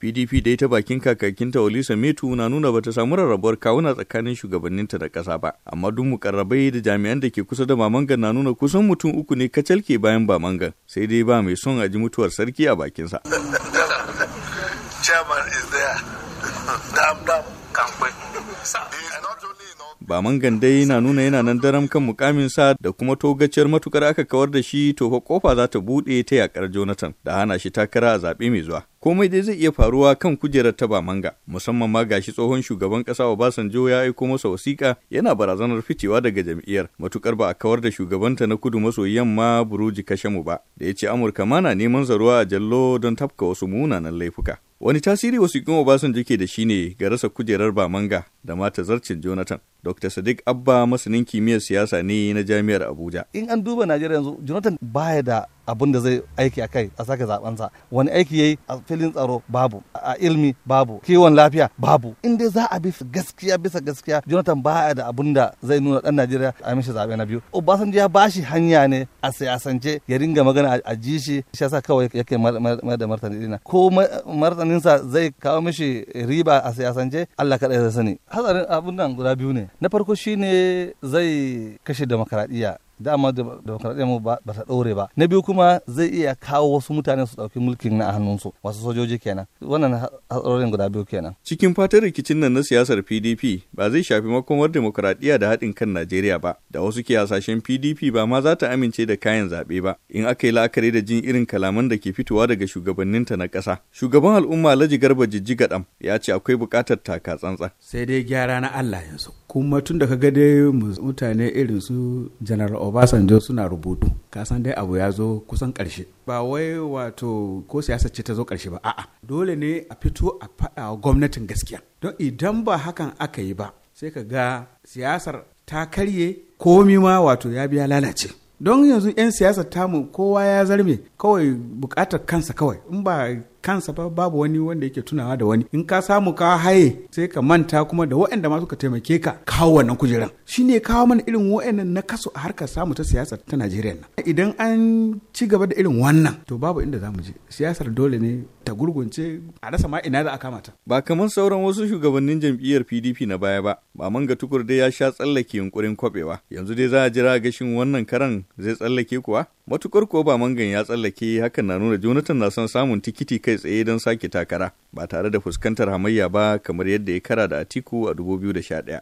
PDP dai ta bakin kakakinta Olisa Metu na nuna bata samu rarrabuwar kawuna tsakanin shugabanninta da ƙasa ba, amma duk mukarrabai da jami'an da ke kusa da mamanga na nuna kusan mutum uku ne kacal ke bayan Bamangan, sai dai ba mai son a ji mutuwar sarki a bakinsa. Chairman is there. Dam dam. ba mangan dai na nuna yana nan daram kan mukamin sa da kuma togaciyar matukar aka kawar da shi to fa kofa za ta buɗe ta yakar Jonathan da hana shi takara a zaɓe mai zuwa. komai dai zai iya faruwa kan kujerar ta manga musamman ma gashi tsohon shugaban kasa Obasanjo ya aiko masa wasiƙa yana barazanar ficewa daga jam'iyyar matukar ba a kawar da shugabanta na kudu maso yamma Buruji Kashemu ba da ya ce Amurka mana neman zaruwa a Jallo don tafka wasu munanan laifuka Wani tasiri wasu wasiƙun Obasanjo ke da shi ne ga rasa kujerar Bamanga da mata zarcin Jonathan. Dr. Sadiq Abba masanin kimiyyar siyasa ne na Jami'ar Abuja. In an duba Najeriya yanzu, Jonathan baya da abin da zai aiki a kai a sake zabensa wani aiki yayi a filin tsaro babu a ilmi babu kiwon lafiya babu in dai za a bi gaskiya bisa gaskiya jonathan baya da abin da zai nuna dan najeriya a mishi zabe na biyu obasanjo ya bashi hanya ne a siyasance ya ringa magana a ji shi shi yasa kawai yake mai da martani dina ko martaninsa zai kawo mishi riba a siyasance allah kaɗai ya sani hatsarin abun nan guda biyu ne na farko shine zai kashe demokaradiyya dama demokradiyyar mu ba ta ɗore ba na biyu kuma zai iya kawo wasu mutane su ɗauki mulkin na hannunsu wasu sojoji kenan wannan hatsarorin guda biyu kenan cikin fatan rikicin nan na siyasar pdp ba zai shafi makomar demokradiyya da haɗin kan najeriya ba da wasu ke hasashen pdp ba ma za ta amince da kayan zaɓe ba in aka yi la'akari da jin irin kalaman da ke fitowa daga shugabanninta na ƙasa shugaban al'umma alhaji garba jijjiga ɗam ya ce akwai buƙatar taka tsantsa sai dai gyara na allah yanzu kuma tun da ka ga dai mutane irin su general obasanjo suna rubutu kasan dai abu ya zo kusan karshe ba wai wato ko siyasa ce ta zo karshe ba a'a dole ne a fito a faɗa gwamnatin gaskiya don idan ba hakan aka yi ba sai ka ga siyasar ta karye komi ma wato ya biya lalace don yanzu 'yan siyasar tamu kowa ya zarme kawai bukatar kansa kawai in ba kansa ba babu wani wanda yake tunawa da wani in ka samu ka haye sai ka manta kuma da waɗanda ma suka taimake ka kawo wannan kujeran shine kawo mana irin waɗannan na kaso a harkar samu ta siyasa ta Najeriya nan idan an ci gaba da irin wannan to babu inda zamu je siyasar dole ne ta gurgunce a rasa ma ina za a kamata. ba kamar sauran wasu shugabannin jam'iyyar PDP na baya ba man ga tukur dai ya sha tsallake yunkurin kwabewa yanzu dai za a jira gashin wannan karan zai tsallake kuwa matukar ko ba mangan ya tsallake hakan na nuna Jonathan na son samun tikiti kai tsaye don sake takara ba tare da fuskantar hamayya ba kamar yadda ya kara da Atiku a 2011.